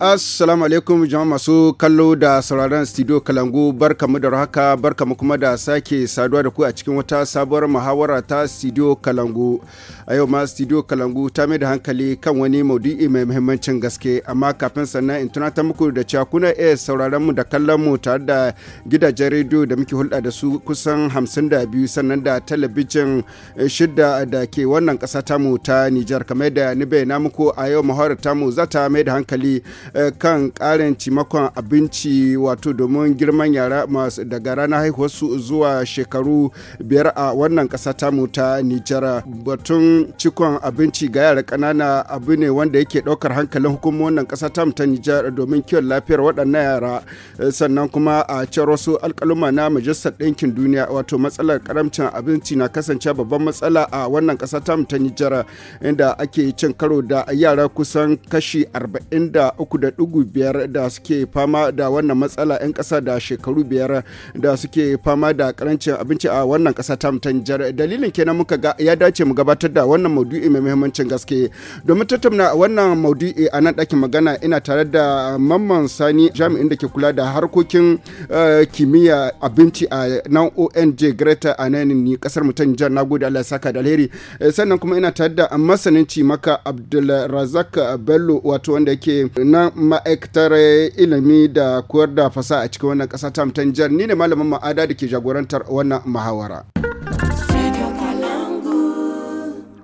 Assalamu alaikum jama'a masu kallo da sauraron studio Kalangu barkamu da haka barkamu kuma da sake saduwa da ku a cikin wata sabuwar muhawara ta studio Kalangu. A yau ma studio Kalangu ta mai da hankali kan wani maudu'i mai muhimmancin gaske amma kafin sannan in tunatar muku da cewa kuna iya sauraron mu da kallon mu tare da gidajen rediyo da muke hulɗa da su kusan 52 sannan da talabijin shida da ke wannan ƙasa tamu ta Nijar kamar da ni bayyana muku a yau muhawara tamu za ta mai da hankali Eh, kan karin cimakon abinci wato domin girman yara masu daga ranar haihuwarsu zuwa shekaru biyar a wannan ƙasa tamu ta Nijar. Batun cikon abinci ga yara ƙanana abu ne wanda yake ɗaukar hankalin hukumar wannan ƙasa tamu ta Nijar domin kiwon lafiyar waɗannan yara eh, sannan kuma a cewar wasu alƙaluma na majalisar ɗinkin duniya wato matsalar karamcin abinci na kasance babban matsala a wannan ƙasa tamu ta Nijar inda ake cin karo da yara kusan kashi arba'in da uku. 3.5 da suke fama da wannan matsala 'yan kasa da shekaru biyar da suke fama da karancin abinci a wannan ƙasa ta mutanjar dalilin kenan muka ga ya dace mu gabatar da wannan maudu'i mai muhimmancin gaske domin tattauna wannan maudu'i a nan ɗakin magana ina tare da mamman sani jami'in da ke kula da harkokin eh, kimiyya abinci a nan ong greta a nan ni ƙasar mutanjar na gode allah saka da alheri eh, sannan kuma ina tare da masanin cimaka abdulrazak bello wato wanda yake nan na ma'aikatar ilimi da koyar da fasa a cikin wannan ƙasa ta ni ne malamin ma'ada da ke jagorantar wannan muhawara.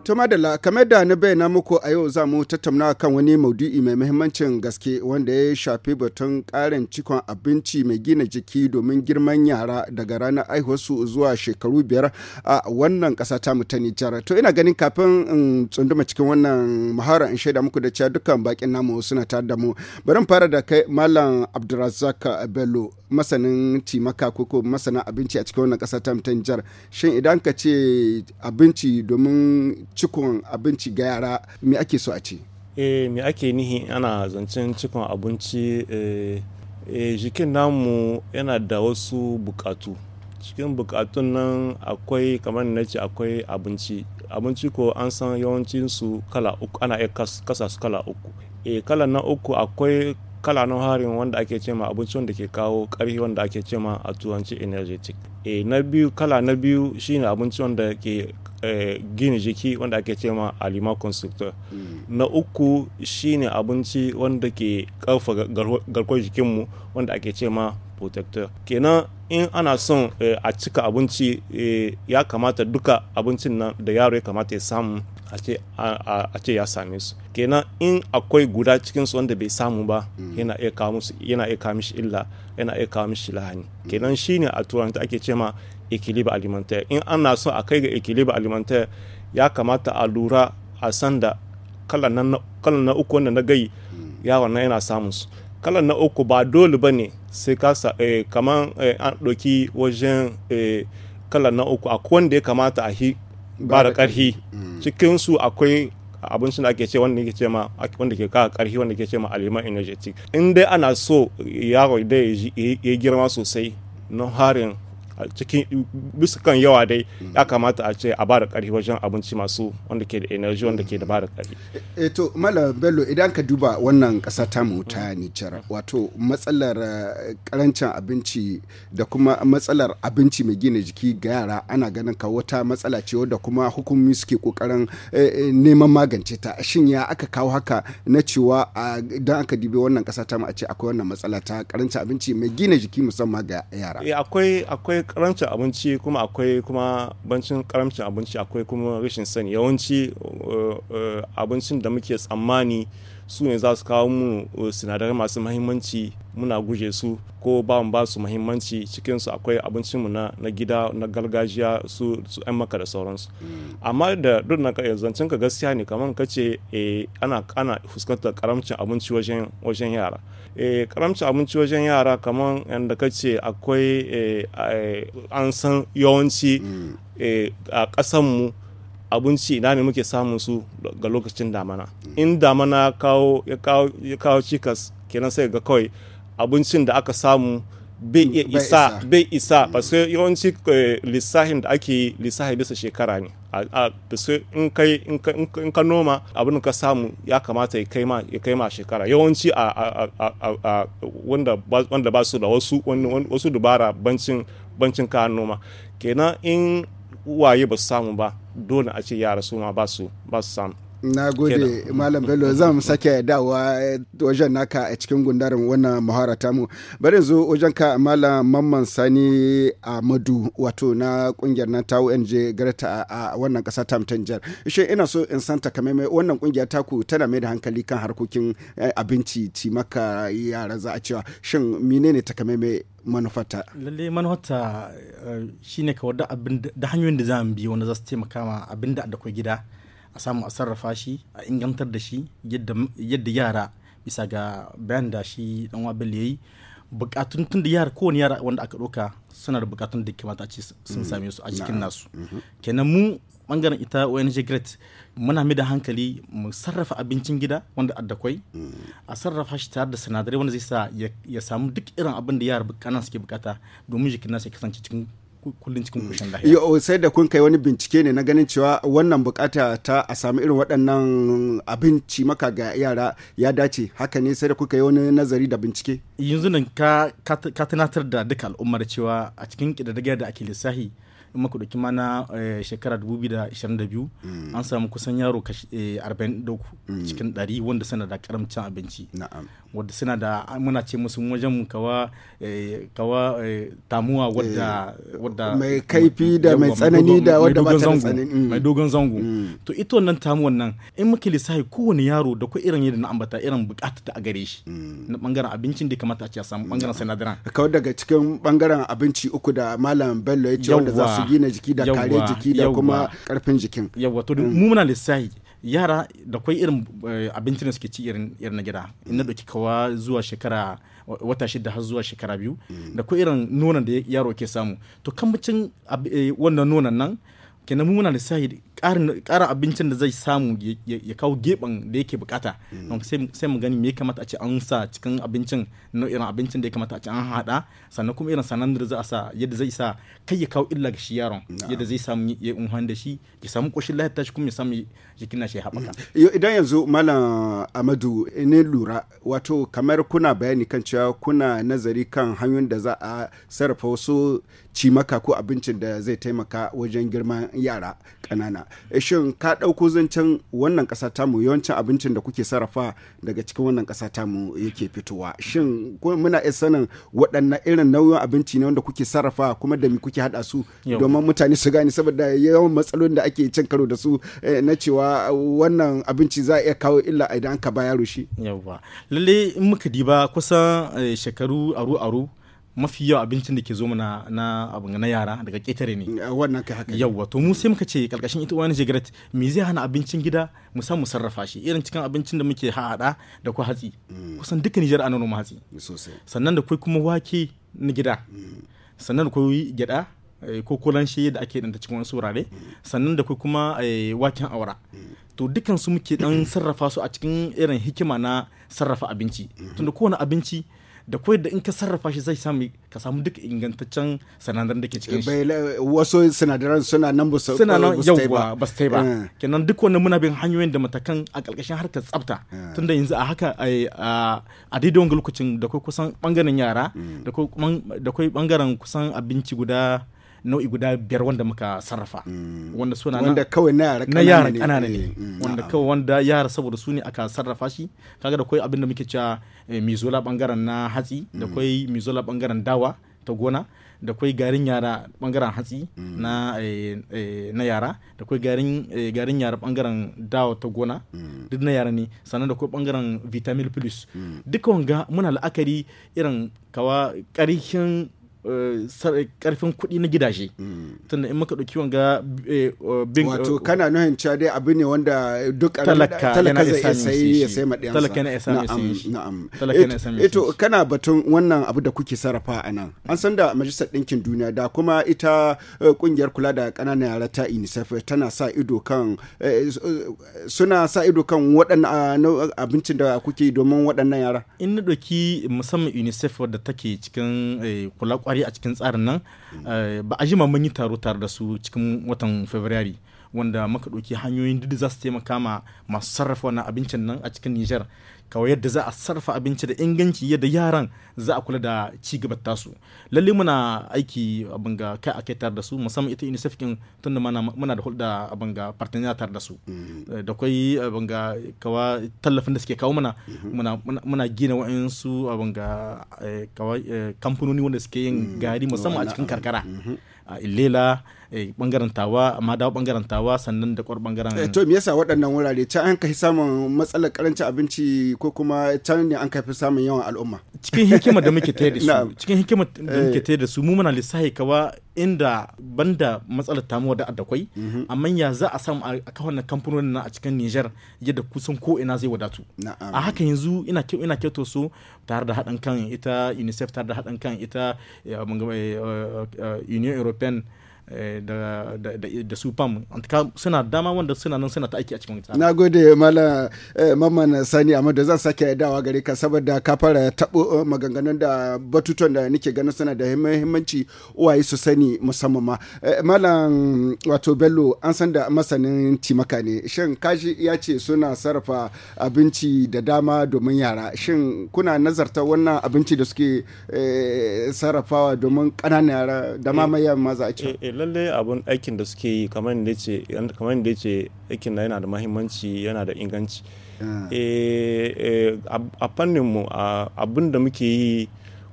To da kamar da na bayyana muku a yau za mu tattauna kan wani maudu'i mai muhimmancin gaske wanda ya shafi batun karin cikon abinci mai gina jiki domin girman yara daga ranar aihuwarsu zuwa shekaru biyar a wannan ƙasa ta ta Nijar. To ina ganin kafin in tsunduma cikin wannan muhara in shaida muku da cewa dukkan bakin namu suna ta da mu. Bari fara da kai Malam Abdulrazak Bello masanin timaka ko masana abinci a cikin wannan ƙasa ta ta Nijar. Shin idan ka ce abinci domin cikon abinci ga yara me ake so a ce eh me ake nihi ana zancen cikon abinci eh, eh jikin namu yana da wasu bukatu cikin bukatun nan akwai kamar na ce akwai abinci abinci ko an san yawancinsu kala uku ana iya kasa su kala uku e kala na uku akwai kala na harin wanda ake cema abinci wanda ke kawo karfi wanda ake cema a turanci energetic e na biyu kala na biyu shine abinci wanda ke Eh, gini jiki wanda ake ce ma alima constructor hmm. na uku shine abinci wanda ke karfa garkuwar jikinmu wanda ake ce ma protector kenan in ana son eh, a cika abinci eh, ya kamata duka abincin nan da yaro ya kamata ya samu a ce ya same su kenan in akwai guda cikinsu wanda bai samu ba hmm. yana iya kawo mishi illa yana iya kawo mishi lahani hmm. kenan shine a turanta ake cema equilibre alimentaire in an na son a kai ga equilibre alimentaire ya kamata a lura a san da kalan na uku wanda na gai hmm. yawon na yana samun su kalan na uku ba dole ba ne sai kasa eh, kamar eh, an ɗauki wajen eh, kalan na uku akwai wanda ya kamata a hi ba da ƙarfi hmm. cikinsu akwai abincin da ake ce wanda ke ce ma wanda ke kawo karfi wanda ke ce ma aliman energetic in dai ana so yaro da ya girma sosai na harin cikin bisa kan yawa dai ya kamata a ce a ba da ƙarfi wajen abinci masu wanda ke da energy wanda ke da ba da ƙarfi. eto eh, eh, Mala Bello idan ka duba wannan ƙasa ta mu ta Nijar mm. wato matsalar karancin eh, abinci da kuma matsalar abinci mai gina jiki ga yara ana ganin ka wata matsala ce wadda kuma hukumi suke ƙoƙarin neman magance ta shin ya aka kawo haka na cewa idan aka dibe wannan ƙasa ta mu a ce akwai wannan matsala ta karancin abinci mai gina jiki musamman ga yara. akwai akwai karamcin abinci kuma akwai kuma bancin karamcin abinci akwai kuma rashin sani yawanci eh, eh, abincin da muke tsammani su ne za su kawo mu eh, sinadarai masu mahimmanci muna guje su ko ba mu ba su muhimmanci cikin su akwai abincinmu na na gida na gargajiya su su ɗan maka da sauransu mm. amma da duk na zancen ka gaskiya ne kamar ka ce eh, ana ana fuskantar karamcin abinci wajen wajen yara eh karamcin abinci wajen yara kamar yadda ka ce akwai eh, an san yawanci mm. eh, a mu abinci ina ne muke samun su ga lokacin damana mm. in damana ya kawo cikas kenan sai ga kawai abincin da aka samu bai mm, isa bai isa mm. yawanci eh, lissahin da ake lissahi bisa shekara ne a in kai in ka noma abin ka samu ya kamata ya kai ma shekara yawanci a wanda ba su da wasu wasu dubara bancin bancin kayan noma kenan in waye ba su samu ba dole a ce yara su ma ba su samu na gode malam bello zan sake dawa eh, wajen naka a cikin gundarin wannan muhara tamu bari zo wajen ka malam mamman sani amadu wato na kungiyar nan ta ong garta a wannan kasa ta mutanjar shi ina so in san takamaimai wannan kungiya taku tana mai da hankali kan harkokin eh, abinci cimaka yara za a cewa shin menene takamaimai manufata lalle manufata eh, shine ka wadda abin da hanyoyin da za mu bi wanda za su taimaka ma abin da akwai gida a samu a sarrafa shi a ingantar da shi yadda yara bisa ga bayan da shi dan wa ya yi bukatun tun da yara kowane yara wanda aka ɗauka suna da bukatun da kamata a ce sun mm. same su a cikin nasu mm-hmm. kenan mu bangaren ita ong great muna mai da hankali mu sarrafa abincin gida wanda addakwai mm. a sarrafa shi tare da sinadarai wanda zai sa ya samu duk irin abin da yara kanan suke bukata domin jikin nasu ya kasance cikin kullun cikin kushin mm. lahiya sai da kun kai wani bincike ne na ganin cewa wannan bukata ta a samu irin waɗannan abinci maka ga yara ya dace haka ne sai da kuka yi wani nazari da bincike yanzu nan ka tunatar da duka al'ummar cewa a cikin kididdigar da ake lissafi in maka ɗauki mana eh, shekara 2022 mm. an samu kusan yaro 43 eh, mm. cikin 100 wanda sana da karamcin abinci wadda suna da muna ce musu wajen kawa eh, kawa eh, tamuwa wadda eh, wadda mai kaifi da mai tsanani da wadda ba ta tsanani mm. mai dogon zango mm. to ita wannan tamuwan nan in muke lissafi kowane yaro da ko irin yadda na ambata irin bukatar ta a gare shi mm. na bangaren abincin da kamata a ce a samu bangaren sinadaran kawai daga cikin bangaren abinci uku da malam bello ya ce wanda za su gina jiki da kare jiki da kuma karfin jikin yawa to mu muna lissafi yara da kwai irin eh, abincin da suke ci irin na gida in na ɗauki kawa zuwa shekara wata shida har zuwa shekara biyu mm. da kwai irin nonon da yaro ke samu to kambacin eh, wannan nonon nan kenan muna lissahi kara abincin da zai samu ya kawo geban da yake bukata mm. sai mu gani me kamata a ce an sa cikin abincin na irin abincin da ya kamata a ce an haɗa sannan kuma irin sanan da za a sa yadda zai sa kai ya kawo illa ga shi yaron yadda zai samu ya unhan da shi ya samu koshin lafiya shi kuma ya samu jikin na shi haɓaka. Mm. idan yanzu malam amadu ne lura wato kamar kuna bayani kan cewa kuna nazari kan hanyoyin da za a sarrafa wasu cimaka ko abincin da zai taimaka wajen girman yara ƙanana Eh, shin ka ɗauko zancen wannan ƙasa tamu yawancin abincin da kuke sarrafa daga cikin wannan ƙasa tamu yake fitowa shin muna iya sanin waɗannan irin nauyin abinci ne wanda kuke sarrafa kuma da mi kuke haɗa su domin mutane su gane saboda yawan matsalolin da ake cin karo da su eh, na cewa wannan abinci za a iya kawo illa idan ka ba yaro shi. Yawwa lalle in muka diba kusan eh, shekaru aru-aru mafi yawa abincin da ke zo mana na abin na yara daga ƙetare ne wannan kai haka yawa to mu sai muka ce karkashin ita wani jigret me zai hana abincin gida mu mu sarrafa shi irin cikin abincin da muke haɗa da ku hatsi mm. kusan duka Nijar ana noma hatsi sannan da kai kuma wake na gida mm. sannan da kai gyada eh, ko kolan shi da ake danta cikin wasu wurare mm. sannan da kai kuma eh, waken aura to dukansu muke dan sarrafa su a cikin irin hikima na sarrafa abinci tunda kowane abinci da kawai da in ka sarrafa shi zai sami ka samu duk ingantaccen sinadaran da ke cikin shi wasu sinadaran suna nan ba su suna nan yawwa ba su ba eh. kenan duk wannan muna bin hanyoyin da matakan a ƙarƙashin harkar tsafta eh. tunda yanzu a haka a daidai wani lokacin da kai kusan ɓangaren yara hmm. da kai bangaren kusan abinci guda nau'i guda biyar wanda muka sarrafa mm. wanda suna wanda kawai na yara na yara kanana ne mm. Mm. wanda kawai wanda yara saboda su ne aka sarrafa shi kaga da kai abin da muke cewa eh, mizola bangaren na hatsi da kai mizola bangaren dawa ta gona da kwai garin yara bangaren hatsi na, eh, eh, na yara da kwai garin, garin yara bangaren dawa ta gona duk na yara ne sannan da kwai bangaren vitamin plus duka wanga muna la'akari irin kawa ƙarfin karfin kuɗi na gidaje tunda in muka ɗauki wanga eh, oh, bin wato kana nuhin cewa dai abu ne wanda duk talaka talaka zai sayi ya sayi maɗiyansa talaka na isa ya na'am talaka na isa eh, ya eh, to kana batun wannan abu da kuke sarrafa a nan an san da majalisar ɗinkin duniya da kuma ita kungiyar kula da ƙananan yara ta UNICEF tana sa ido kan suna sa ido kan waɗannan ah, abincin da kuke domin waɗannan yara in na ɗauki musamman UNICEF da take cikin kula tsare a cikin tsarin nan eh, ba a jima mun yi taro tare da su cikin watan february wanda muka ɗauki hanyoyin duk za su taimaka ma masu sarrafa wannan abincin nan a cikin Nijar kawai yadda za a sarrafa abinci da inganci yadda yaran za a kula da ci tasu lalle muna aiki abin ga kai a kai tare da su musamman ita UNICEF kin tunda muna da hulɗa abin ga partner tare da su mm-hmm. da kai abin ga kawa tallafin da suke kawo mana mm-hmm. muna muna gina wa'ansu abin ga eh, kawa eh, kamfanoni wanda suke yin mm-hmm. gari musamman a cikin karkara a illela Eh, bangaren tawa amma dawo bangaren tawa sannan da kwar bangaren eh, to me yasa waɗannan wurare can an kai samun matsalar karancin abinci ko kuma can ne an kai samun yawan al'umma cikin hikimar da muke tayar da su cikin hikimar da eh. muke tayar da su mu muna lissahi kawa inda banda matsalar tamuwa da adakwai mhm. amma ya za a samu a wannan kamfanonin na a cikin Niger yadda kusan ko ina zai wadatu a haka yanzu ina ina to so tare da haɗin kan ita UNICEF tare da haɗin kan ita Union European Eh, da su pam suna dama wanda suna nan suna ta aiki a cikin tsara na gode mala eh, mamman sani amma da zan sake dawa gare ka saboda ka fara tabo eh, maganganun da batutuwan da nake ganin suna da muhimmanci uwaye su sani musamman ma malam wato bello an san da masanin timaka ne shin kashi ya ce suna sarrafa abinci da dama domin yara shin kuna nazarta wannan abinci da suke sarrafawa domin ƙananan yara da mamayen maza a lallai abun aikin da suke yi kamar yadda ce ce aikin na yana da mahimmanci yana da inganci ah. eh, eh, a fannin mu abin da muke yi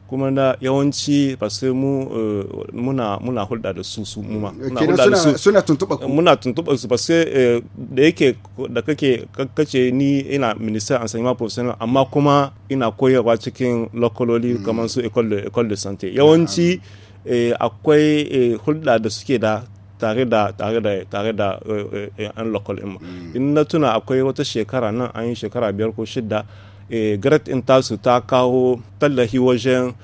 kuma da yawanci ba sai mu eh, muna muna hulɗa da su su muma muna hulɗa da su suna tuntuɓa ku muna tuntuɓa su ba sai da yake da kake kakace ni ina minister an sanya professional amma kuma ina koyarwa cikin lokaloli hmm. kamar su école de santé yawanci ah, ah. Eh, akwai eh, hulɗa da suke da tare da tare da tare da eh, yan local ɗin mm. in na tuna akwai wata shekara nan an yi shekara biyar ko shida great in tasu ta kawo tallahi wajen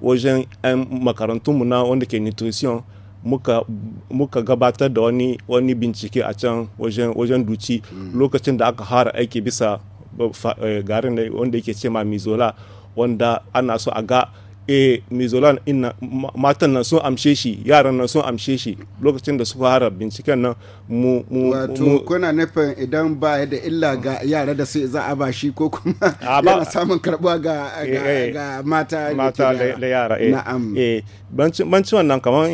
wajen yan makarantunmu na wanda ke nutrition muka, muka gabatar da wani, bincike a can wajen, wajen duci mm. lokacin da aka hara aiki bisa garin wanda yake ce ma mizola wanda ana so a ga e mizolan inna matan nan sun amshe shi yaran nan sun amshe shi lokacin da su fara binciken nan mu mu wato kuna nufin idan ba da illa ga yara da su za a ba shi ko kuma yana samun karbuwa ga eh, eh, ga mata mata da yara eh na'am eh banci wannan kamar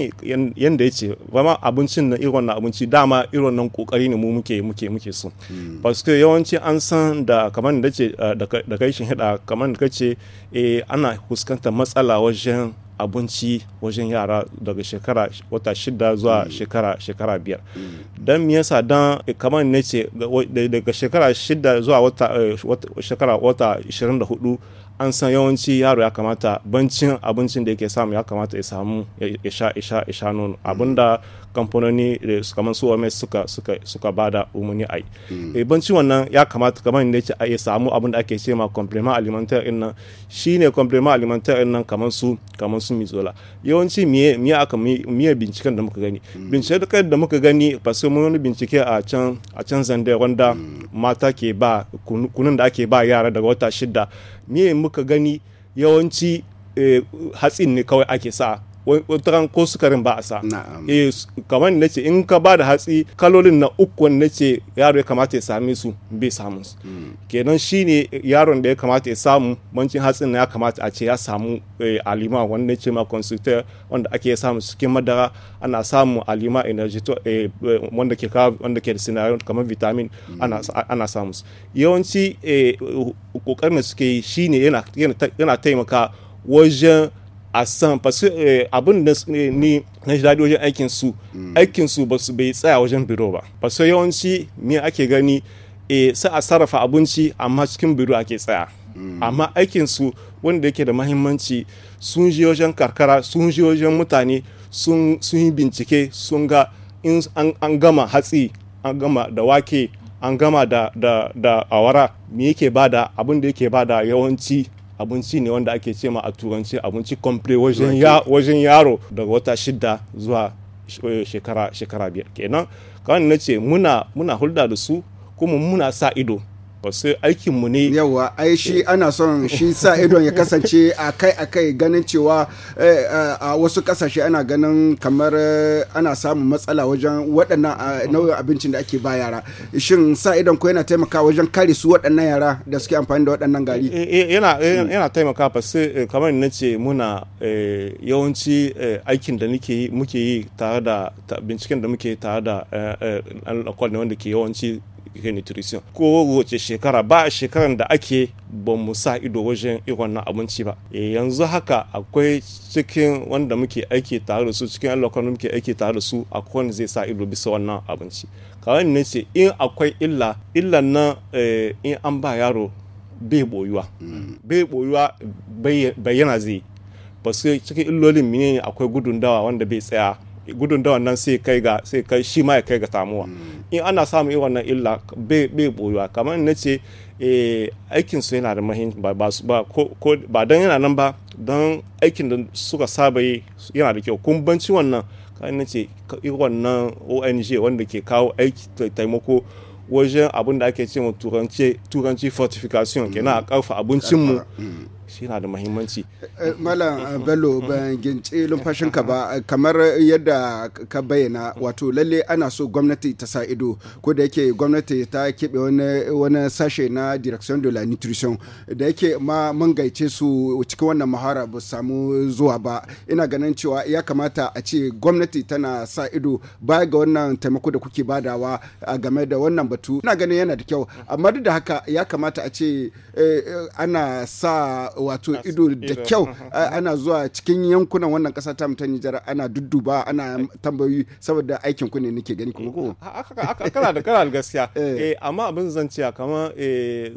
yanda yace bama abincin na irin wannan abinci dama irin nan kokari ne mu muke muke muke so hmm. parce yawanci an san da kamar da ce eh, da kai shin hida kamar da kace eh ana fuskantar matsala matsala wajen abinci wajen yara daga shekara wata shida zuwa mm. shekara shekara biyar mm. don me yasa don kamar ne ce daga shekara shida zuwa wata eh, shekara wata 24 an san yawanci yaro ya kamata bancin abincin da yake samu ya kamata ya samu ya sha nono mm. abinda kamfanoni kamar su OMS suka suka suka bada umuni ai hmm. e eh, banci wannan ya kamata kamar da ce ya samu abin da ake cewa complement alimentaire din nan shine complement alimentaire din nan kamar su kamar su mizola yawanci miye miye aka miye binciken da muka gani hmm. binciken da muka gani ba sai mun wani bincike a can a can zande wanda hmm. mata ke ba kunun da ake ba yara daga wata shida miye muka gani yawanci eh, hatsin ne kawai ake sa wataran ko sukarin ba a sa eh, kamar na ce in ka ba da hatsi kalolin na uku wanda ce yaro ya kamata ya sami su bai samu su hmm. kenan shine yaron da ya kamata ya samu bancin hatsin na ya kamata a ce ya samu eh, alima wanda ce ma consultant wanda ake samu cikin madara ana samu alima energy eh, wanda ke wanda ke da kamar vitamin ana samu su yawanci kokarin da suke yi shine yana taimaka wajen a san fasu eh, abin da eh, ni na shi daɗi wajen aikin su mm. aikin su ba su bai tsaya wajen biro ba fasu yawanci me ake gani e, sai a sarrafa abinci amma cikin biro ake tsaya mm. amma aikin su wanda yake da mahimmanci sun je wajen karkara sun je wajen mutane sun yi bincike sun ga in an gama hatsi an gama da wake an gama da, da awara me yake bada abin da yake bada yawanci abinci ne wanda ake ce ma a turanci abinci komple wajen yaro daga wata shida zuwa eh, shekara biyar kenan kawai na ce muna hulɗa da su kuma muna sa ido wasu aikinmu ne yawa ai shi ana son shi sa idon ya kasance a kai a kai ganin cewa eh, eh, a wasu kasashe ana ganin kamar eh, ana samun matsala wajen waɗannan nau'in abincin da ake ba yara shin sa idon ko yana taimaka wajen kare su waɗannan yara da suke amfani da waɗannan gari yana hmm. taimaka ba sai kamar na ce muna yawanci aikin da muke yi tare da binciken da muke tare da wanda ke yawanci nutrition ko wace shekara ba shekaran da ake ba mu sa ido wajen wannan abinci ba eh, yanzu haka akwai cikin wanda muke aiki tare da su cikin al'akwai muke aiki tare da su akwai wanda zai sa ido bisa wannan abinci kawai ne ce in akwai illa illan nan eh, in an ba yaro bai boyuwa mm. bai boyuwa bayyana zai ba cikin illolin mini akwai gudun dawa wanda bai tsaya gudun da wannan sai kai ga sai shi ma ya kai ga samuwa in ana samu irin wannan illa bai boyuwa kamar na ce eh, aikin su yana da mahimmanci ba ko ba dan yana nan ba don aikin da suka saba yi yana da kyau kumbanci wannan kan na ce irin wannan ONG wanda ke kawo aiki taimako wajen abin da ake ce turanci fortification kenan a karfa abincinmu mm. shi na da mahimmanci eh, malam bello ban gince lumfashinka ba kamar yadda ka bayyana wato lalle ana so gwamnati ta sa ido ko da yake gwamnati ta keɓe wani sashe na direction de la nutrition da yake ma mun gaice su cikin wannan mahara ba samu zuwa ba ina ganin cewa ya kamata a ce gwamnati tana sa ido baya ga wannan taimako da kuke badawa game da wannan batu ina ganin yana da kyau amma duk da haka ya kamata a ce eh, eh, ana sa wato ido da kyau ana zuwa cikin yankunan wannan kasa ta mutan ta Nijar ana dudduba ana eh. tambayoyi saboda aikin ku ne nake gani kuma ko eh, kana da kana gaskiya eh. eh amma abin zan ce kamar eh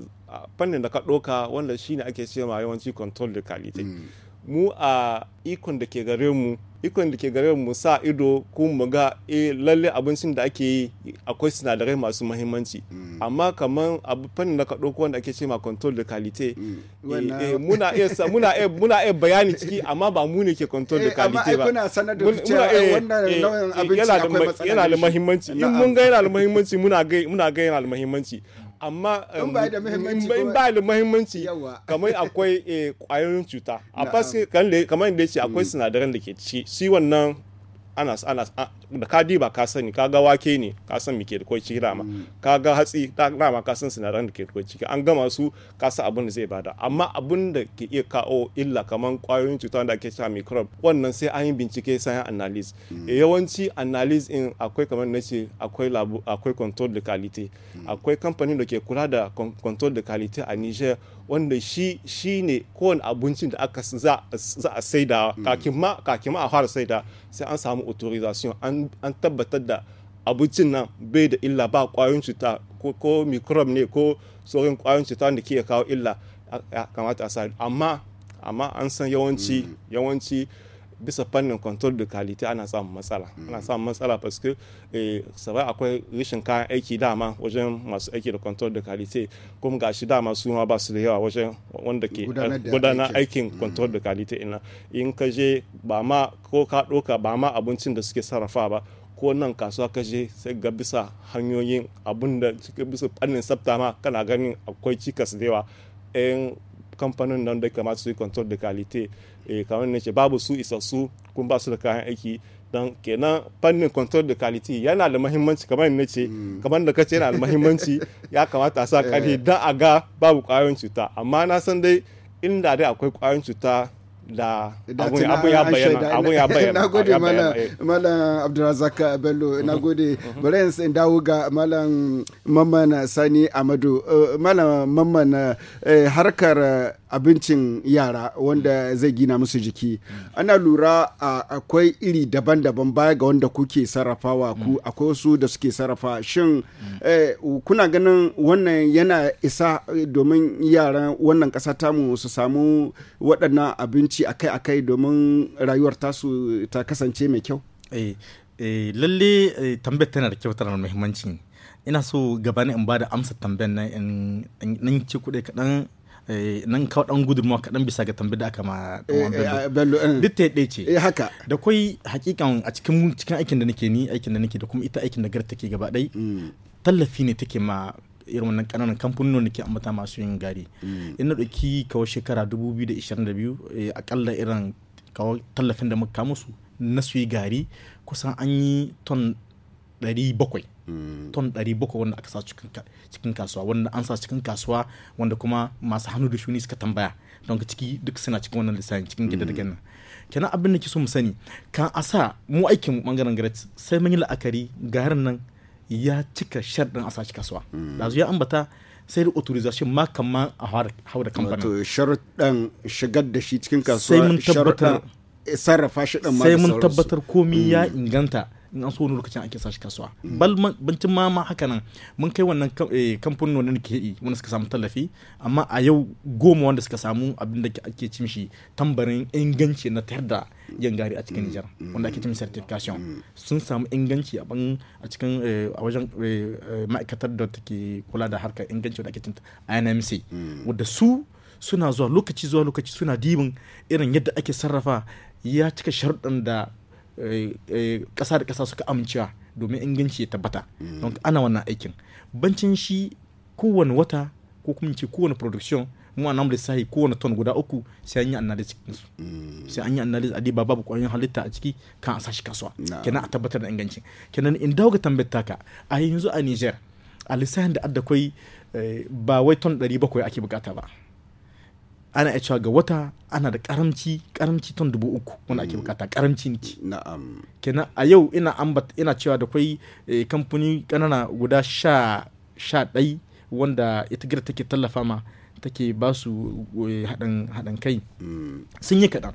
fannin da ka doka wanda shine ake cewa yawanci control da kalite mm. mu a ikon da ke gare mu ikon da ke gare mu sa ido ko mu ga e lalle abincin da ake yi akwai sinadarai masu mahimmanci mm. amma kamar fannin na kaɗo ko wanda ake ce ma control da kalite mm. eh, eh, muna iya muna iya bayani ciki amma ba mu ne ke control da kalite ba muna sanar da cewa wannan nau'in abinci akwai matsala yana da mahimmanci in mun ga yana da mahimmanci muna ga yana da mahimmanci amma in um, ba da muhimmanci kamar akwai kwayoyin eh, cuta a paske kamar ya ce akwai mm. sinadaran da ke ciki shi wannan da ka diba ka sani ka ga wake ne ka san me da kwai ciki rama ka ga hatsi rama ka san sinadaran da ke da ciki an gama su ka san abin da zai bada amma abin da ke iya kawo illa kamar kwayoyin cuta da ake cewa microbe wannan sai an yi bincike sai an analyze mm. yawanci analyze in akwai kamar na ce akwai labu akwai control da quality mm. akwai kamfanin da ke kula da control da quality a Niger wanda shi shi ne kowane abincin da aka za a saida mm. kakin ma a fara saida sai an samu authorization an an tabbatar da abincin nan bai da illa ba kwayoyin cuta ko microbe ne ko sauran kwayoyin cuta da ke kawo illa kamata a sa amma an san yawanci mm. yawanci bisa fannin control da kalite ana samun matsala mm. ana samun matsala paske eh, sabai akwai rashin kayan aiki dama wajen masu aiki da control da kalite kuma gashi dama su ma ba su da yawa wajen wanda ke gudanar aikin mm. control da kalite ina in ka je ba ma ko ka doka ba ma abincin da suke sarrafa ba ko nan kasuwa ka je sai ga bisa hanyoyin abun da bisa fannin sabta ma kana ganin akwai cikas da yawa kamfanin nan da kamata su yi control da kalite eh, kamar nace babu su isassu kuma ba su da kayan aiki don kenan fannin control da kalite yana da mahimmanci kamar ne ce hmm. kamar da kace yana da mahimmanci ya kamata a sa eh. kari don a ga babu kwayoyin cuta amma na san dai inda dai akwai kwayoyin cuta da abun ya bayyana na gode eh. malam abdulrazak bello na gode bari in dawo ga malam mamman sani amadu eh, malam mamman eh, harkar abincin yara wanda zai gina musu jiki ana lura akwai iri daban-daban baya ga wanda kuke sarrafawa ku akwai wasu da suke sarrafa shin kuna ganin wannan yana isa domin yaran wannan ƙasa tamu su samu waɗannan abinci lokaci akai-akai domin rayuwar tasu ta kasance mai kyau? Eh, eh, lalle eh, tambayar tana da kyau tana da muhimmanci. Ina so gabanin in ba da amsa tambayar nan in ci kuɗi kaɗan nan kawo ɗan gudunmuwa kaɗan bisa ga tambayar da aka ma bello duk ta yadda ce haka da kwai hakikan a cikin cikin aikin da nake ni aikin da nake da kuma ita aikin da gar take gaba ɗai mm. tallafi ne take ma irin wannan kananan kamfanin da ke ambata masu yin gari mm. ina ɗauki kawo shekara 2022 eh, akalla irin kawo tallafin da muka musu na su yi gari kusan an yi ton 700 mm. ton 700 wanda aka sa cikin kasuwa wanda an sa cikin kasuwa wanda kuma masu hannu da shuni suka tambaya don ciki duk suna cikin wannan lissafin cikin mm. gida da ganin kenan abin da ke so mu sani kan a sa mu aikin bangaren gret sai mun yi la'akari garin nan ya cika sharɗin a sashi kasuwa mm. da ya ambata sai da authorization ma kamar a haura kamfanin wato sharɗin shigar da shi cikin kasuwa sai mun tabbatar sarrafa shi sai mun tabbatar komi ya mm. inganta in an so wani lokacin ake sa kasuwa bal bancin ma ma haka nan mun kai wannan eh, kamfanin wanda nake yi wanda suka samu tallafi amma a yau goma wanda suka samu abin da ake cin shi tambarin inganci na tayar da gari a cikin Nijar wanda ake cin certification sun samu inganci a ban a cikin eh, a wajen eh, ma'aikatar da take kula da harkar inganci wanda ake cin INMC wanda su suna zuwa lokaci zuwa lokaci suna dibin irin yadda ake sarrafa ya cika sharuɗan da Eh, eh, ƙasa da ƙasa suka amincewa domin inganci ya tabbata mm. don ana wannan aikin bancin shi kowane wata ko kuma ce kowane production mu a nan lissahi kowane ton guda uku sai an yi analysis cikin su mm. sai an yi analysis a diba babu kwayoyin halitta a ciki kan a sashi kasuwa kenan a tabbatar da ingancin kenan in dawo ga tambayar taka a yanzu a Niger a lissahin da adda kwai eh, ba wai ton 700 ake bukata ba ana iya cewa ga wata ana da karamci karamci ton dubu uku wanda ake mm. bukata karamci niki na'am kenan a yau ina ambata ina cewa da kwai eh, kamfani kanana guda sha sha ɗai wanda ita gida take tallafa ma take basu su eh, haɗin kai mm. sun yi kaɗan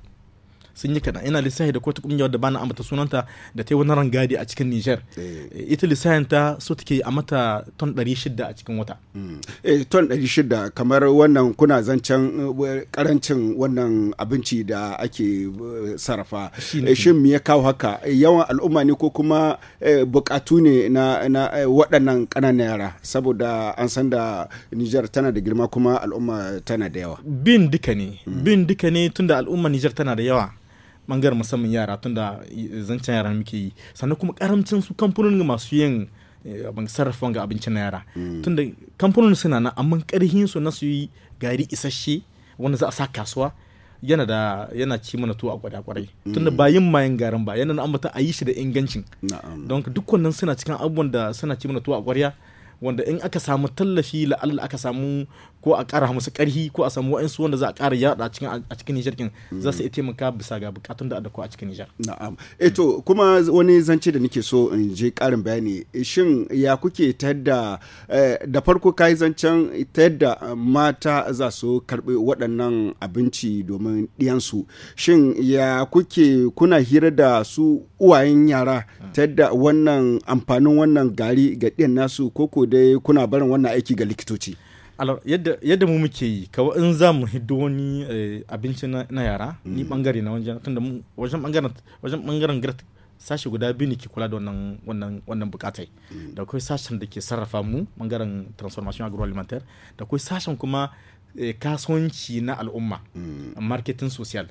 sun yi kaɗan ina lissahi da kotu kungiyar da bana ambata sunanta da ta yi wani rangadi a cikin niger eh. ita lissahin ta so take a mata ton shida a cikin wata hmm. eh, ton shida kamar wannan kuna zancen karancin eh, wannan abinci da ake sarrafa shin me ya kawo haka yawan al'umma ne ko kuma buƙatu ne na waɗannan ƙananan yara saboda an san da niger tana da girma kuma al'umma tana da yawa bin duka ne hmm. bin duka ne tunda al'umma niger tana da yawa bangaren musamman yara tunda zancen yara muke yi sannan kuma karamcin su kamfanonin masu yin eh, sarrafa ga abincin yara mm. tunda kamfanonin suna na amma karhin su na su yi gari isasshe wanda za a sa kasuwa yana da yana ci mana tuwo a kwada mm. tunda ba yin mayan garin ba yana ambata a yi shi da ingancin don duk wannan suna cikin abubuwan da suna ci mana tuwa a kwarya wanda in aka samu tallafi la'alla aka samu ko a ƙara musu karhi ko a samu wa'insu wanda za a ƙara yada a cikin Nijar kin za su iya taimaka bisa ga bukatun da ko a cikin Nijar. Na'am. eto eh kuma wani zance da nake so in je karin bayani shin ya kuke ta yadda eh, da farko kai zancen ta yadda mata za su karɓi waɗannan abinci domin ɗiyansu shin ya kuke kuna hira da su uwayen yara ta yadda wannan amfanin wannan gari ga ɗiyan nasu koko dai kuna barin wannan aiki ga likitoci yadda mu muke yi kawai in za mu hiddo wani eh, abinci na yara ni mm. bangare na wajen tunda wajen bangaren wajen bangaren sashi guda biyu ne ke kula da wannan wannan wannan bukatai mm. da kai sashen da ke sarrafa mu bangaren transformation agroalimentaire da kai sashen kuma eh, kasuwanci na al'umma mm. marketing social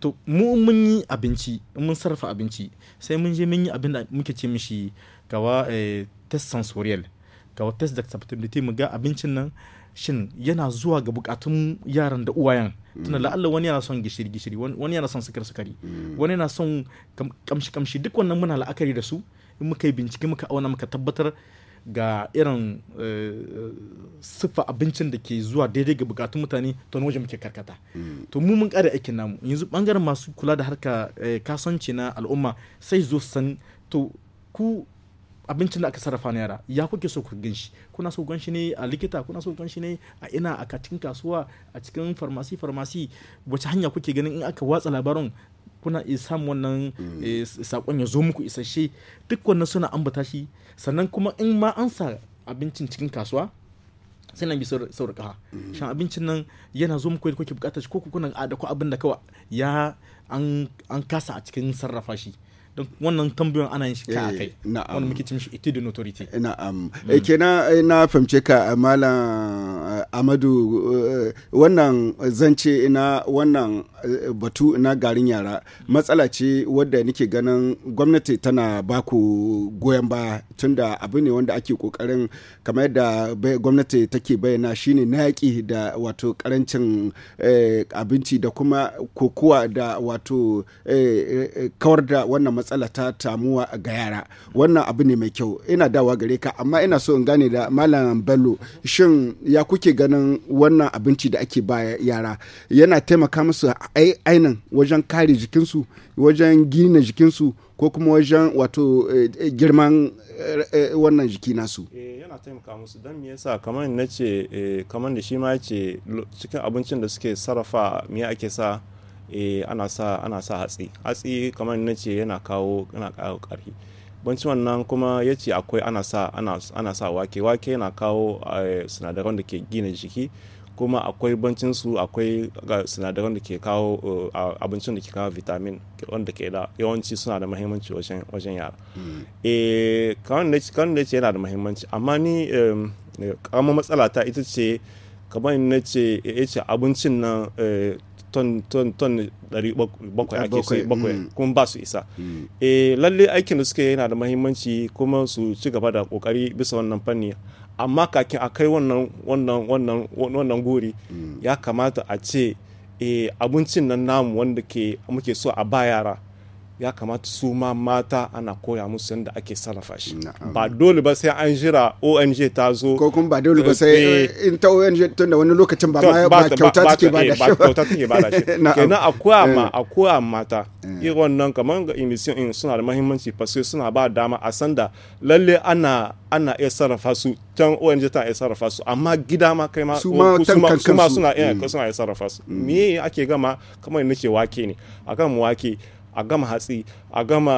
to mu mun yi abinci mun sarrafa abinci sai mun je mun yi abin da muke ce mishi kawa eh, test sensorial ga test da acceptability mu ga abincin nan shin yana zuwa ga bukatun yaran da uwayen tunan la'alla wani yana son gishiri gishiri wani yana son sukar sukari wani yana son mm. kamshi kamshi duk wannan muna la'akari da su in muka yi bincike muka auna muka tabbatar ga irin eh, siffa abincin da ke zuwa daidai ga bukatun mutane ta waje muke karkata mm. to mu mun kare aikin namu yanzu bangaren masu kula da harka eh, kasance na al'umma sai zo san to ku abincin da aka sarrafa na yara ya kuke so ku gan shi kuna so gan ne a likita kuna so gan ne a ina a cikin kasuwa a cikin farmasi farmasi wace hanya kuke ganin in aka watsa labarin kuna iya samun wannan mm. eh, sakon ya zo muku isasshe duk wannan suna ambata shi sannan kuma in ma an sa abincin cikin kasuwa sai nan bi sauraka mm. shan abincin nan yana zo muku kuke bukatar shi ko kuna da abin da kawai ya an kasa a cikin sarrafa shi wannan tambayon ana shi kai kai eh, wanda muke cin shi ita da na'am hmm. eh, kenan eh, na fahimce ka malam amadu wannan zance na wannan batu na garin yara matsala ce wadda nake ganin gwamnati tana baku goyon ba tunda abu ne wanda ake kokarin kamar yadda gwamnati take bayyana shine na yaƙi da wato karancin abinci da kuma kokuwa da wato kawar da wannan matsala ta tamuwa ga yara wannan abu ne mai kyau ina dawa gare ka amma ina so in gane da malam bello shin ya kuke ganin wannan abinci da ake ba yara yana taimaka musu ainin wajen kare jikinsu wajen gina jikinsu ko kuma wajen wato eh, eh, girman eh, wannan jiki nasu yana taimaka musu don yasa kamar na ce kamar da shi ma ce cikin abincin da suke sarrafa me ake sa Eh, ana sa ana sa hatsi hatsi kamar na ce yana kawo yana kawo ƙarfi banci wannan kuma ya ce akwai ana sa ana, sa wake wake yana kawo eh, sinadaran da ke gina jiki kuma akwai bancin su akwai sinadaran da ke kawo eh, abincin da ke kawo vitamin wanda ke da yawanci suna da mahimmanci wajen yara hmm. eh kawai da ce yana da mahimmanci amma ni kamar matsala ta ita ce kamar na ce ya ce abincin nan ton ton ton ake bakwai mm. kuma ba su isa mm. eh lalle aikin da suke yana da mahimmanci kuma su ci gaba da kokari bisa wannan fanni amma kakin a kai wannan wannan wannan wannan guri mm. ya kamata a ce eh, abincin nan namu wanda ke muke so a ba yara ya kamata su ma mata ana koya musu yadda ake sarrafa shi ba dole ba sai an jira ong ta zo ko kuma ba dole ba sai eh, in ta ong tun da wani lokacin ba kyauta take ba da eh, shi ba kyauta take ba da shi kenan a koya ma eh. a koya mata irin wannan kamar ga emission in suna da muhimmanci sai suna ba dama a san da lalle ana ana iya sarrafa su can ong ta iya sarrafa su amma gida ma kai ma su ma mm. suna iya sarrafa su mm. me ake gama kamar nake wake ne akan wake a gama hatsi a gama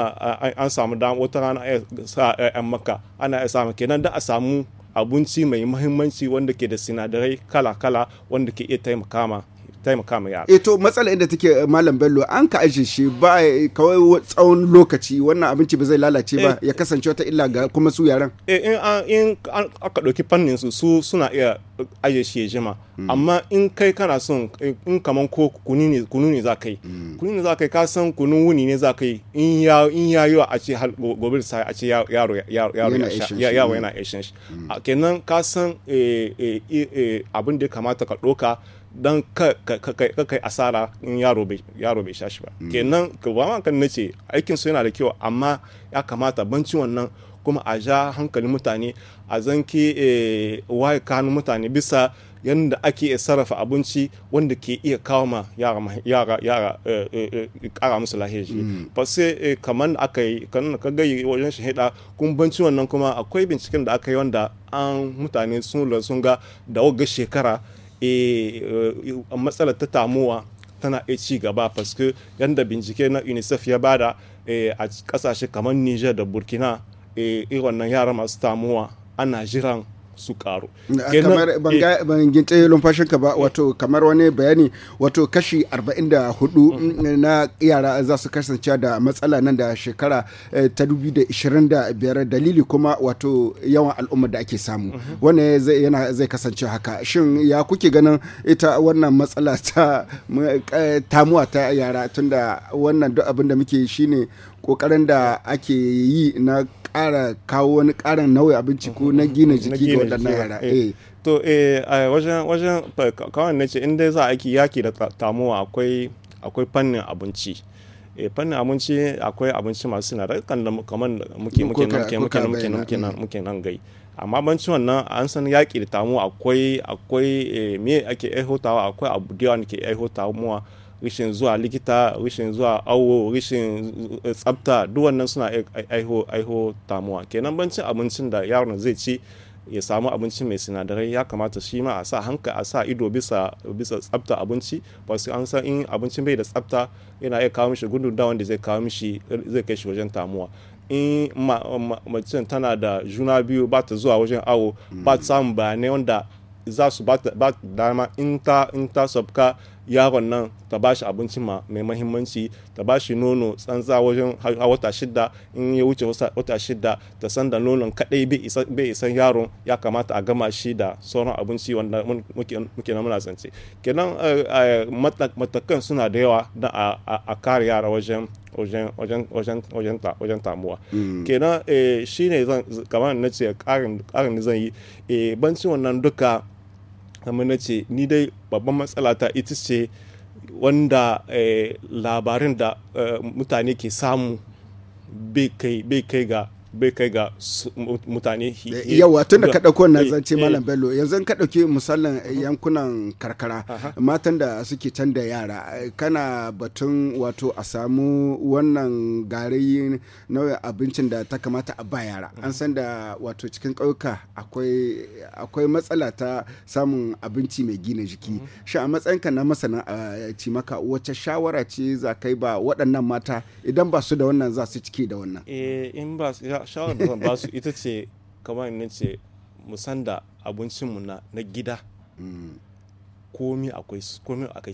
an samu dama wata rana sa 'yan maka ana iya samu kenan da a samu abinci mai mahimmanci wanda ke da sinadarai kala-kala wanda ke iya taimaka ma taimaka ma yara. Eto eh, matsala inda take eh, Malam Bello an ka ajin shi ba eh, kawai tsawon lokaci wannan abinci ba zai lalace ba ya kasance wata illa ga kuma su yaran. E in an aka ɗauki fannin su su suna iya ajin shi ya jima hmm. amma in kai kana son in kaman ko kunu ne kunu ne za kai hmm. kunu ne za kai ka san kunu wuni ne za kai in ya in ya yi a ce gobe sai a ce yaro yaro yaro yana ishin shi hmm. kenan ka san abin da ya kamata ka ɗauka don ka kai asara in yaro bai sha ba mm. kenan ka ba kan nace aikin su yana da kyau amma ya kamata banci wannan kuma a ja hankalin mutane a zanki eh, waye kanun mutane bisa yadda ake sarrafa abinci wanda ke iya kawo ma yara kara eh, eh, musu lahiyar shi mm. ba sai kamar aka yi ka gayi wajen shahida kun banci wannan kuma akwai binciken da aka yi wanda an mutane sun sun ga da waga shekara a eh, eh, matsalar ta tamuwa tana iya ci gaba paske yadda bincike na unicef ya bada eh, a kasashe kamar niger da burkina irin wannan yara masu tamuwa ana jiran su karu kamar ban eh, gince lumfashin ka ba wato kamar wani bayani wato kashi 44 mm. mm, na yara za su kasance da matsala nan da shekara eh, ta 2025 dalili kuma wato yawan al'umma da ake samu mm-hmm. yana zai kasance haka shin ya kuke ganin ita wannan matsala ta eh, tamuwa ta yara tunda wannan duk abin da muke shine kokarin da ake yi na ƙara kawo wani karin nauyi abinci ko na gina jiki ga waɗannan yara eh. Eh. to eh wajen wajen kawai na ce in dai za a aiki yaki da tamuwa akwai akwai fannin abinci e fannin abinci akwai abinci masu sinadarai kan da kamar muke muke muke muke muke muke muke nan gai amma banci wannan an san yaƙi da tamu akwai akwai me ake aihotawa akwai abu da yawa ke aihotawa rishin zuwa likita rishin zuwa awo rishin eh, tsabta duk wannan suna aiho tamuwa kenan bancin abincin da yaron zai ci ya samu abinci mai sinadarai ya kamata shi ma a sa hanka a sa ido bisa bisa tsabta abinci ba su an san in abincin bai da tsabta yana iya kawo mishi gudun da wanda zai kawo mishi zai kai shi wajen tamuwa in macen tana da juna biyu ba ta zuwa wajen awo ba ta samun bayanai wanda za su ba ta dama in ta sabka yaron nan ta ba shi abinci ma mai mahimmanci ta ba shi nono tsantsa wajen a wata shida in ya wuce wata shida ta san da nonon kadai bai isan yaron ya kamata a gama shi da sauran abinci wanda muke na muna tsance kenan eh, eh, matakan suna da yawa a kare yara wajen wajen tamuwa hmm. kenan eh, shi ne kamar na ce karin zan yi bancin wannan duka kamar na ce ni dai babban matsala ta ita ce wanda eh, labarin da eh, mutane ke samu bai kai ga bai kai ga mutane eh, yawa tun da ka ɗauko na zance eh. malam bello yanzu ka ɗauki misalin yankunan karkara matan da suke can da yara kana batun wato a samu wannan gari nau'in abincin da ta kamata a ba yara an san da wato cikin ƙauyuka akwai matsala ta samun abinci mai gina jiki shi a matsayinka na masana a cimaka wacce shawara ce za kai ba waɗannan mata idan ba su da wannan za su ciki da wannan eh, shawar da zan ba su ita ce kamar in ce mu san da abincinmu na gida mm. komi akwai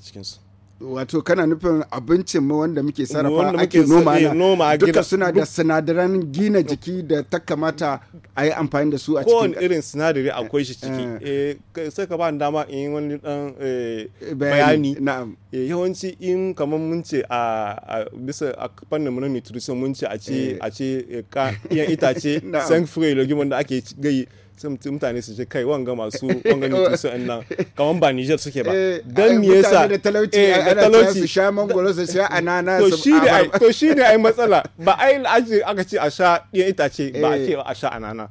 cikinsu wato kana nufin abincin mu wanda muke sarrafa ake noma na duka suna da sinadaran gina jiki da ta kamata a yi amfani da su a cikin kowane irin sinadari akwai shi ciki eh. Eh, sai ka ba ni dama in wani dan eh, bayani yawanci in kamar mun ce a bisa a fannin mun nutrition mun ce a ce a ce yan itace san fure logimon da ake gayi sun mutane su ce kai wanga masu wanga ne su nan kaman ba Niger suke ba eh, dan me yasa da talauci eh, da talauci su sha mangoro su sha anana to shi ne ai to shi ne ai matsala ba ai aji aka ce a sha ɗiyan itace ba a eh. ce ba a sha anana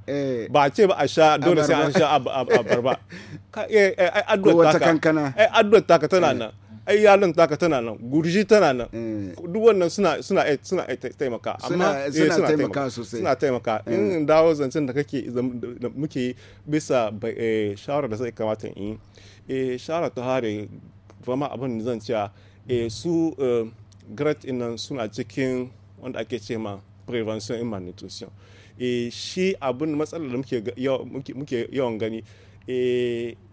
ba a ce ba a sha dole sai an sha abarba ai addu'a taka ai addu'a taka tana nan ai yalon taka tana nan gurji tana nan mm. duk wannan suna suna suna taimaka amma suna eh, taimaka sosai suna taimaka in mm. dawo zancen da kake muke bisa eh, shawara da sai kamata in eh shawara ta hare kuma abin da zan cewa eh, su great nan suna cikin wanda ake ce ma prevention in malnutrition shi abin matsalar da muke yawan gani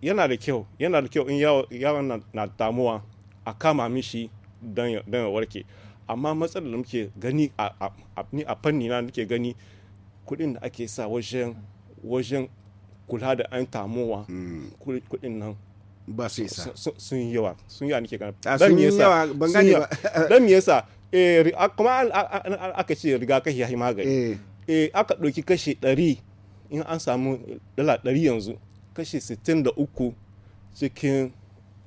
yana da kyau yana da kyau in yawon na damuwa a kama mishi don ya warke amma matsalar da muke gani a fanni na nake gani kudin da ake sa wajen wajen kula da an tamowa hmm. kudin nan ba su isa sun yawa sun yawa nake gani ah, dan yi yasa ban gani ba dan me yasa eh kuma aka ce rigakafi ya yi magani eh, eh aka ɗauki kashi 100 in an samu dala 100 yanzu kashi 63 cikin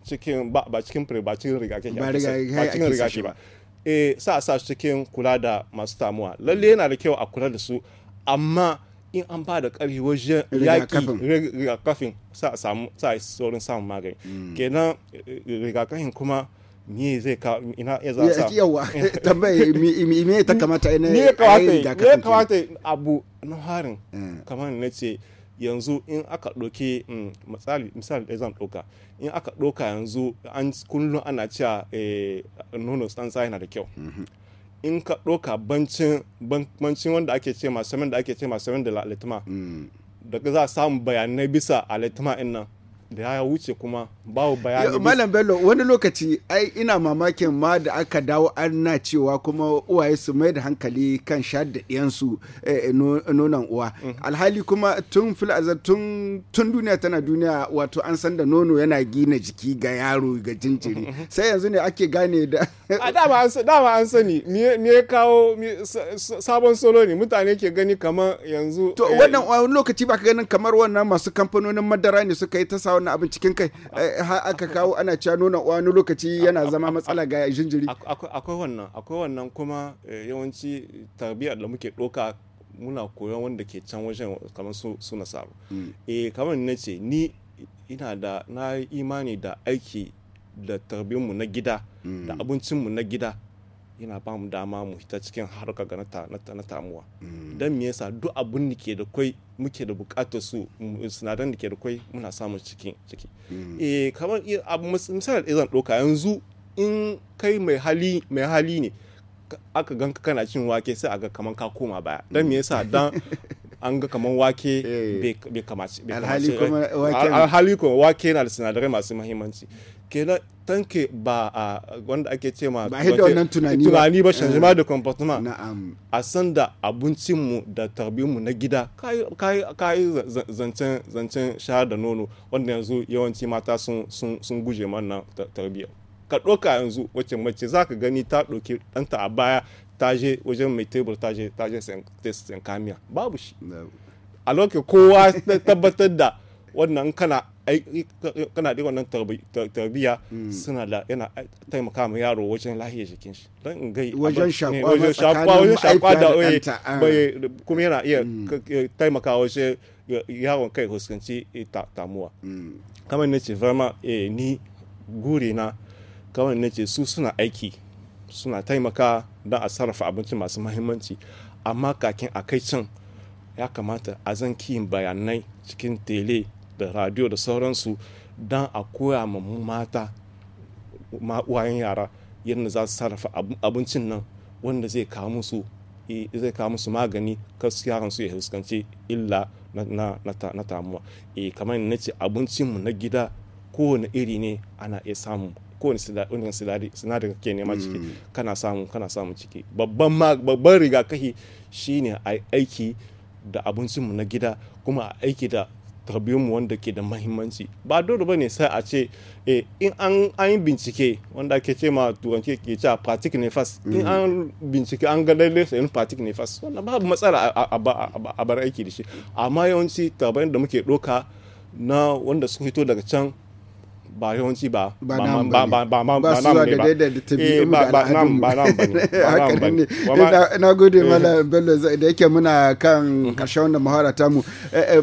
cikin ba cikin ba cikin rigakafi ba cikin rigakafi ba eh sa sa cikin kula da masu tamuwa lalle yana da kyau a kula da su amma in an ba da ƙarfi wajen yaƙi rigakafin sa a samu sa a saurin samun magani mm. kenan eh, rigakafin kuma me zai ka ina ya za sa yawa tambaye me ta kamata ne ne ya kamata abu na harin eh. kamar na ce yanzu in aka ɗauke mm, misali misali ɗaya zan ɗauka in aka ɗauka yanzu an kullum ana cewa eh, nono tsantsa yana da kyau mhm. in ka ɗauka bancin wanda ake ce masu da ake ce masu da alitma mm. daga za a samu bayanai bisa alitma in nan da ya wuce kuma babu bayani malam bello wani lokaci ai ina mamakin ma da aka dawo ana cewa kuma uwaye su mai da hankali kan shayar da ɗiyansu eh, eh, nonon uwa mhm. alhali kuma tun filazar tun duniya tana duniya wato an san da nono yana gina jiki ga yaro ga jinjiri mhm. sai yanzu ne ake gane da a dama an sani me ya kawo sabon solo ne mutane ke gani kamar yanzu to eh, wannan lokaci ba ka ganin kamar wannan masu kamfanonin madara ne suka yi ta wannan abin cikin kai eh, har aka kawo ana cewa nuna uwa wani lokaci yana zama matsala ga jinjiri akwai wannan akwai wannan kuma eh, yawanci tarbiyyar da muke ɗauka muna koyon wanda ke can wajen kamar su samu mm. eh kamar na ce ni ina da na imani da aiki da mu na gida mm. da abincin mu na gida yana ba mu dama mu hita cikin haruka ga na tamuwa mm. don me yasa duk abin da ke da kwai muke da bukatar su sinadaran da ke da kwai muna samun cikin ciki mm. eh kamar abu misali da zan ɗauka yanzu in kai mai hali mai hali ne aka ganka kana cin wake sai ga kaman ka koma baya don me yasa mm. dan an ga kamar wake eh. bai kamace alhali kuma wake na da sinadarai masu mahimmanci kenan tanke ba a wanda ake ce ma ba da wannan tunani tunani ba shanzu ma da comportement na'am a san da abincin mu da tarbiyun mu na gida kai kai zancen zancen shahar da nono wanda yanzu yawanci mata sun sun sun guje mana tarbiyyar ka ɗauka yanzu wacce mace za ka gani ta ɗauki ɗanta a baya ta je wajen mai tebur ta je ta je sayan kamiya babu shi a lokacin kowa tabbatar da wannan kana kana da wannan tarbiya mm. suna da yana taimaka ma yaro wajen lahiyar jikin shi don in gai wajen shakwa eh, wajen shakwa da oye ah. kuma yana iya mm. taimaka wajen yawon kai huskanci eh, tamuwa mm. kamar ce verma eh, ni guri na kamar ce su suna aiki suna taimaka don a sarrafa abinci masu mahimmanci amma kakin a kai can ya kamata a zan kiyin bayanai cikin tele da radio da sauransu don a koya ma mata uwayen yara yadda za su sarrafa abincin nan wanda zai kawo musu eh, zai kawo musu magani kar yaran su ya fuskanci illa na tamuwa e kamar na ce abincinmu na gida kowane iri ne ana iya samu kowane sinadari kake nema ciki mm. kana samu kana samu ciki babban babban rigakafi shine a aiki da abincinmu na gida kuma a aiki da mu wanda ke da mahimmanci ba dole ne sai a ce eh, in an yi bincike wanda ake ce ma turanci ke ce pratic nefas in mm. an bincike an ga lalle sayin pratic nefas wannan babu matsala a bar aiki da shi amma yawanci tarbiyyar da muke doka na wanda sun fito daga can ba ti ba ba nan ba ba ba ba ba eh, nan ne ba ba ba eh, nan ba nan ba ne na gode eh. malam bello da yake muna kan mm-hmm. karshen wannan tamu ta mu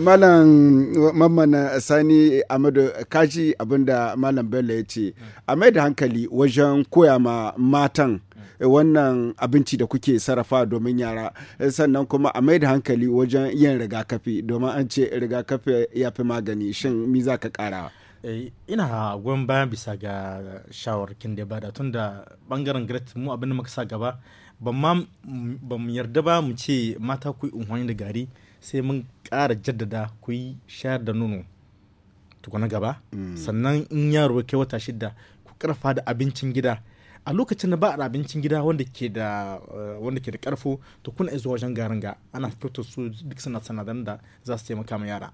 malam mamman sani amadu kaji abinda malam bello ya ce a mai hankali wajen koya ma matan wannan abinci da kuke sarrafa domin yara sannan kuma a mai da hankali wajen yin rigakafi domin an ce rigakafi ya fi magani shin mi za ka karawa Eh, ina goyon bayan bisa ga shawarkin da bada tun da bangaren great mu abin da muka sa gaba ba mu yarda ba mu ce mata ku yi da gari sai mun ƙara jaddada ku yi shayar da nono tukuna gaba mm. sannan in yaro kai wata shida ku karfa da abincin gida a lokacin da ba a abincin gida wanda ke da eh, wanda karfo to kuna zuwa wajen garin ga ana fito su duk sana sanadar da za su taimaka ma yara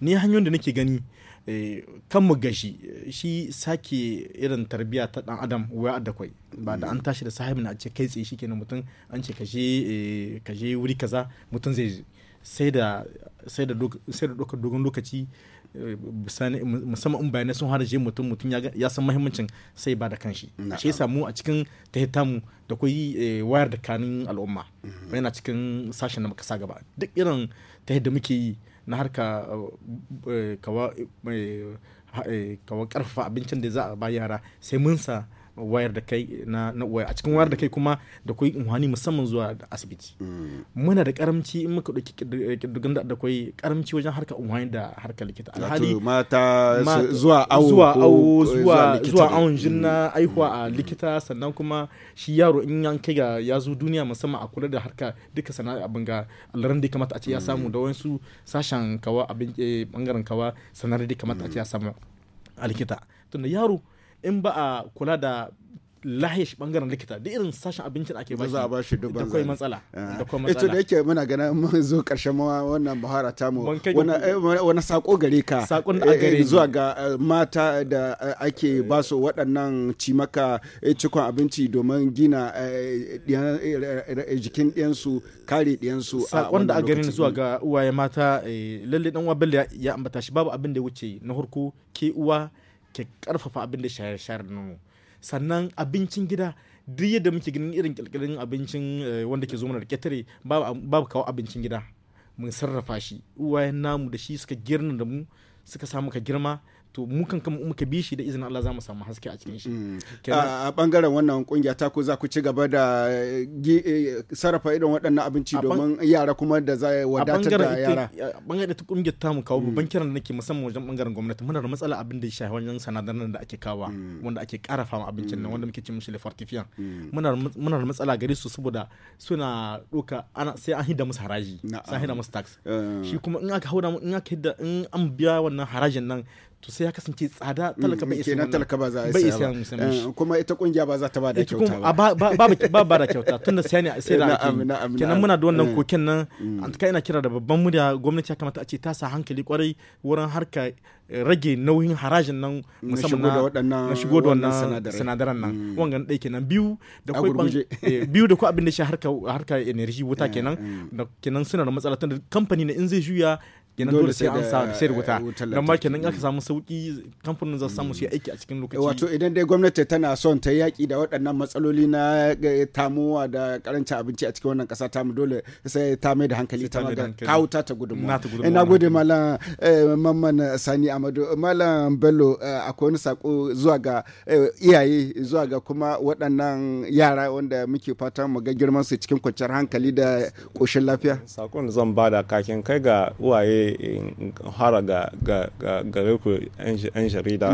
ni hanyoyin da nake gani Eh, kan mu gashi shi sake irin tarbiya ta dan adam waya da kwai ba da an tashi da sahibi na ce kai tsaye kenan mutum an ce kaje eh, kaje wuri kaza mutum zai sai da sai da dogon lokaci eh, musamman in bayanai sun haraje mutum mutum ya san mahimmancin sai ba da kanshi shi yasa mu a cikin tahitamu da kuyi wayar da kanin al'umma mhm. yana cikin sashen da muka sa gaba duk irin ta da muke yi na harka eh, kawa eh, eh, karfafa abincin da za a ba yara sai mun sa wayar da kai na, na waya a cikin wayar da kai kuma da kwai unhani musamman zuwa asibiti mm. muna da karamci in muka dauki kididdigan eh, da akwai karamci wajen harka unhani da harka likita alhali mata zuwa awo zuwa awo zuwa zuwa awon jinna mm. aihuwa a mm. likita sannan kuma shi yaro in yan kai ga ya zo duniya musamman a kula da harka duka sana'a abin ga allaran da kamata a ce ya samu da wasu sashen kawa abin bangaren eh, kawa sanar da kamata a ce ya samu a likita tunda yaro in ba a kula da lahiyar shi bangaren likita da irin sashen abincin ake ba za a ba shi dubban da kai matsala ah. da kuma matsala ito eh, da yake muna gana mun zo karshen ma wannan bahara ta mu wani eh, sako gare ka Sako da eh, gare zuwa ga mata da ake ba su waɗannan cimaka cikon abinci domin gina jikin ɗiyansu kare ɗiyansu Sako da a gare ni zuwa ga uwaye mata lalle dan uwa bello ya ambata shi babu abin da ya wuce na harko ke uwa ke karfafa abin da shayar da nono sannan abincin gida duk yadda muke ganin irin kirkirin abincin eh, wanda ke zo mana da ketare babu kawo abincin gida mun sarrafa shi uwayen namu da shi suka girna da mu suka samu ka girma to mu kan muka bi shi da izinin Allah za mu samu haske a cikin shi mm. a bangaren wannan kungiya ta ko za ku ci gaba da eh, eh, sarrafa irin waɗannan abinci domin yara kuma da za wadatar da yara a bangaren ta kungiyar ta mu kawo mm. babban kiran da nake musamman wajen bangaren gwamnati muna da matsala abin da ya shafi wajen sanadaran da ake kawa mm. wanda ake ƙara fama abincin nan wanda muke ci mishi lefartifiyan muna da matsala gare su saboda suna doka ana sai an hida musu haraji sai an hida musu tax eh. shi kuma in aka hauda in aka hida in an biya wannan harajin nan to sai ya kasance tsada mm, talaka bai mm, isa nan talaka ba za a yi isa ba eh, kuma ita kungiya ba za ta ba da kyauta ba ba ba da kyauta tunda sai ne sai da ake kenan muna da wannan eh. koken nan mm. an kai ina kira da babban murya gwamnati ya kamata a ce ta sa hankali kwarai wurin harka eh, rage nauyin harajin nan musamman na shigo da wannan sanadaran nan wangan ɗai kenan biyu da kwai biyu da kwai abin da shi harka harka energy wuta kenan kenan suna da matsala tunda kamfani na in zai juya kenan dole sai an sa sai wuta eh, nan ma kenan aka samu sauki kamfanin zai samu su aiki a cikin lokaci wato idan dai gwamnati tana son ta yaki da waɗannan matsaloli na eh, tamuwa da karancin abinci a cikin wannan ƙasa mu dole sai ta mai da hankali ta ma kawo ta ta gudunmuwa ina eh, gode malam mamman sani amadu malam bello akwai wani sako zuwa ga iyaye zuwa ga kuma waɗannan yara wanda muke fata mu ga girman su cikin kwanciyar hankali da ƙoshin lafiya sakon zan bada kakin kai ga uwaye hara ga gare ku 'yan jarida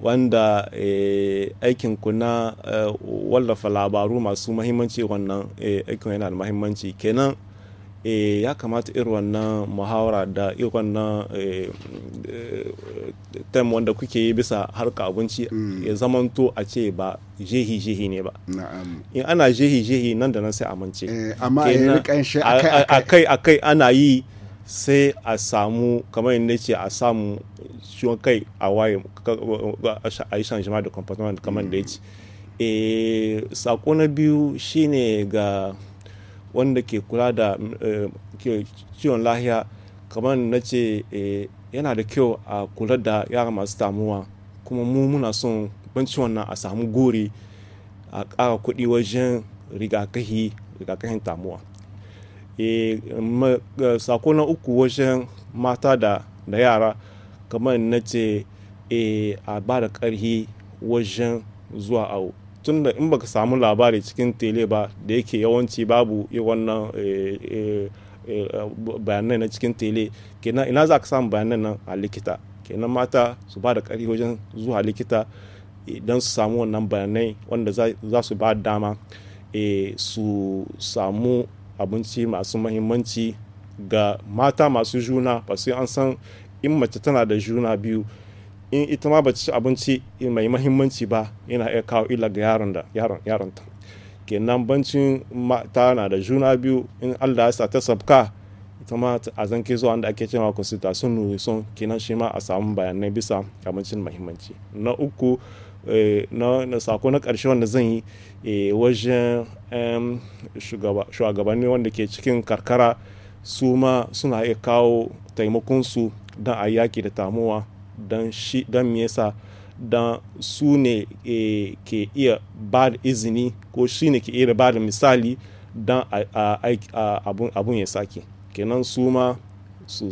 wanda eh, aikin ku na eh, wallafa labaru masu mahimmanci wannan eh, aikin yana da mahimmanci kenan ya kamata irin wannan muhawara da irin wannan tem wanda kuke yi bisa harka abinci mm. ya zamanto a ce ba jehi-jehi ne ba in ana jehi-jehi nan da nan sai amince amma a kai ana yi sai a samu kamar yadda ce a samu ciwon kai a waye a yi shanjima da comportment kamar da ce e eh, sako na biyu shine ga wanda ke kula da ciwon eh, lahiya kamar na ce eh, yana da kyau a kula da yara masu damuwa kuma mu muna son banci wannan a samu gori a ƙara kuɗi wajen rigakahi rigakahin tamuwa Eh, sako na uku wajen mata da da yara kamar na ce eh, a ba da waje wajen zuwa awo tun da in baka samu labari cikin tele ba da yake yawanci babu wannan eh, bayanai na cikin tele kenan ina za ka samu bayanan nan a likita kenan mata su ba da ƙarfi wajen zuwa likita don su samu wannan bayanai wanda za su ba dama su samu abinci masu mahimmanci ga mata masu juna ba sai an san in mace tana da juna biyu in ita ma bata ci abinci mai mahimmanci ba yana iya kawo illa ga yaron da yaron ta kenan bancin mata na da juna biyu in Allah ya sa ta sabka ita ma a zanke zuwa da ake cewa nuri sun kenan shi ma a samu bayanai bisa abincin mahimmanci na uku Eh, na sako na ƙarshe wanda zan yi eh, wajen shugabanni wanda ke cikin karkara su ma suna iya kawo taimakonsu don a yaki da tamuwa don don me yasa don su ne eh, ke iya ba da izini ko shi ne ke iya ba da misali don abun ya sake kenan su ma su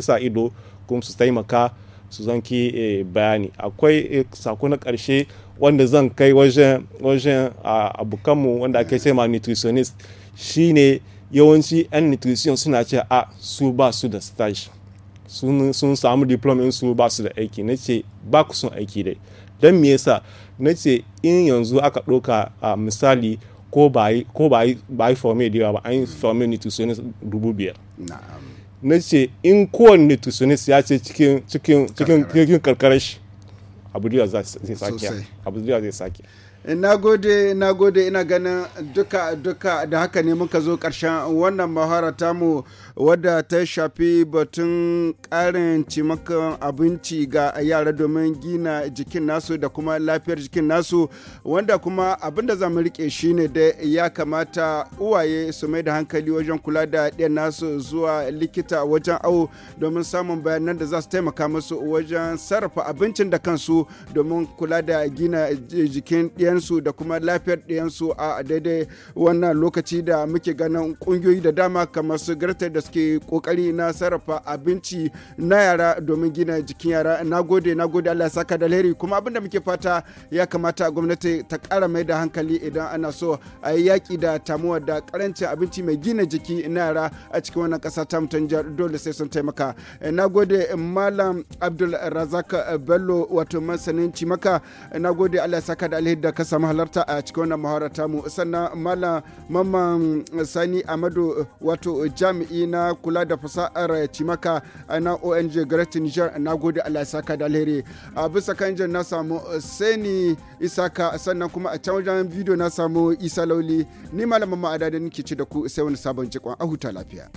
sa ido kuma su taimaka su zanki eh, bayani akwai eh, sako na ƙarshe wanda zan kai wajen wajen abokanmu wanda ake ce ma nutritionist shine yawanci 'yan nutrition suna ce a su ba su da stage sun samu diploma su ba su da aiki na ce ba ku sun aiki dai don me yasa na ce in yanzu aka ɗauka a misali ko ba yi fome da yawa ba an yi fome nutritionist dubu biyar na ce in kowanne su ya ce cikin karkarar shi abudiyar zai sake zai sake eh, na gode na gode ina ganin duka duka da haka ne muka zo karshen wannan mahara tamu wadda ta shafi batun karin cimakan abinci ga yara domin gina jikin nasu da kuma lafiyar jikin nasu wanda kuma abin da zamu rike shi ne da ya kamata uwaye su mai da hankali wajen kula da ɗan nasu zuwa likita wajen awo domin samun bayanan da za su taimaka musu wajen sarrafa abincin da kansu domin kula da gina jikin ɗiyansu da kuma lafiyar ɗiyansu a daidai wannan lokaci da muke ganin ƙungiyoyi da dama kamar su garta da suke kokari na sarrafa abinci na yara domin gina jikin yara na gode na gode Allah saka da kuma abin da muke fata ya kamata gwamnati ta kara mai da hankali idan ana so a yi yaƙi da tamuwa da karancin abinci mai gina jiki na yara a cikin wannan ƙasa ta mutan jihar dole sai sun taimaka na gode malam abdul razak bello wato masanin cimaka na gode Allah saka da alheri da ka samu halarta a cikin wannan muhawara tamu sannan malam mamman sani amadu wato jami'i na na kula da fasa'ar cimaka na ONG Great Niger na gode Allah saka da alheri. A bisa kan jan na samu Seni Isaka sannan kuma a can wajen bidiyo na samu Isa Lauli ni malamin ma'ada da nake ci da ku sai wani sabon jikon a huta lafiya.